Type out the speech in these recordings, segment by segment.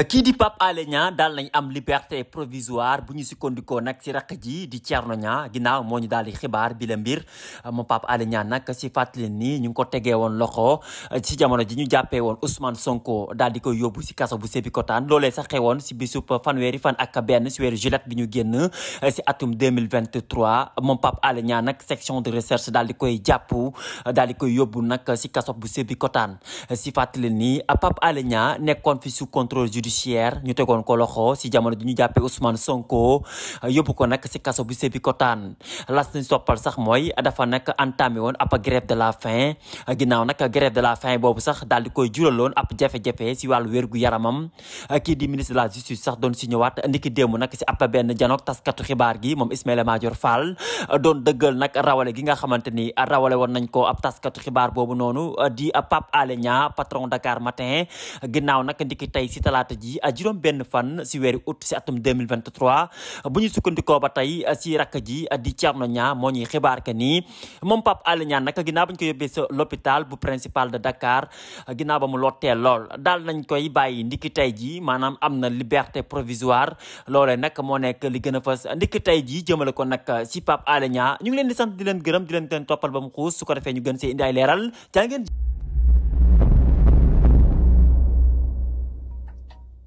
Euh, kii di Pape Alé Niang daal nañ am liberté provisoire bu ñu sukkandikoo nag si rakk ji di Thierno Niang ginnaaw moo ñu daal di xibaar bi la mbir euh, moom Pape Alé Niang nag si fàttali nii ñu ngi ko tegee woon loxo si euh, jamono ji ñu jàppee woon Ousmane Sonko daal di koy yóbbu si kaso bu Sébikotane loolee sax xewoon si bisub fanweeri fan ak benn si weeru juillet bi ñu génn si atum 2023 moom Pape Alé Niang nag section de recherche daal di koy jàppu daal di koy yóbbu nag si kaso bu Sébikotane si fàttali ni Pape Alé nekkoon fi sous contrôle judiciaire judiciaire ñu tegoon ko loxo si jamono ji ñu jàppee Ousmane Sonko yóbbu ko nag si kaso bu Sébikotane las nañ soppal sax mooy dafa nag entamé woon ab grève de la faim ginnaaw nag grève de la faim boobu sax daal di koy juraloon di ministre la justice sax doon si ñëwaat ndiki démb nag si ab benn gi moom Ismaïla Madior Fall doon dëggal nag rawale gi nga xamante ni rawale woon nañ ko ab taskatu tey si talaata talaata ji ah, juróom benn fan si weeri août si atum 2023 bu ñu sukkandikoo ba tey ah, si rakk ji ah, di Thierno Niang moo ñuy xibaar que nii moom Pape Alé Niang nag ginnaaw ba ñu ko yóbbee sa l'hôpital bu principal de Dakar ginnaaw ba mu lottee lool daal nañ koy bàyyi ndiki tey ji maanaam am na liberté provisoire loolee nag moo nekk li gën a fës ndiki tey ji jëmale ko nag si Pape Alé Niang ñu ngi leen di sant di leen gërëm di leen gën toppal ba mu xuus su ko defee ñu gën see indi leeral jaa ngeen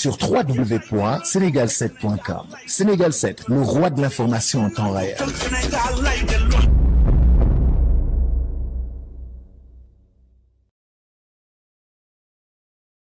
sur www.sénégal7.com. Sénégal 7, le roi de l'information en temps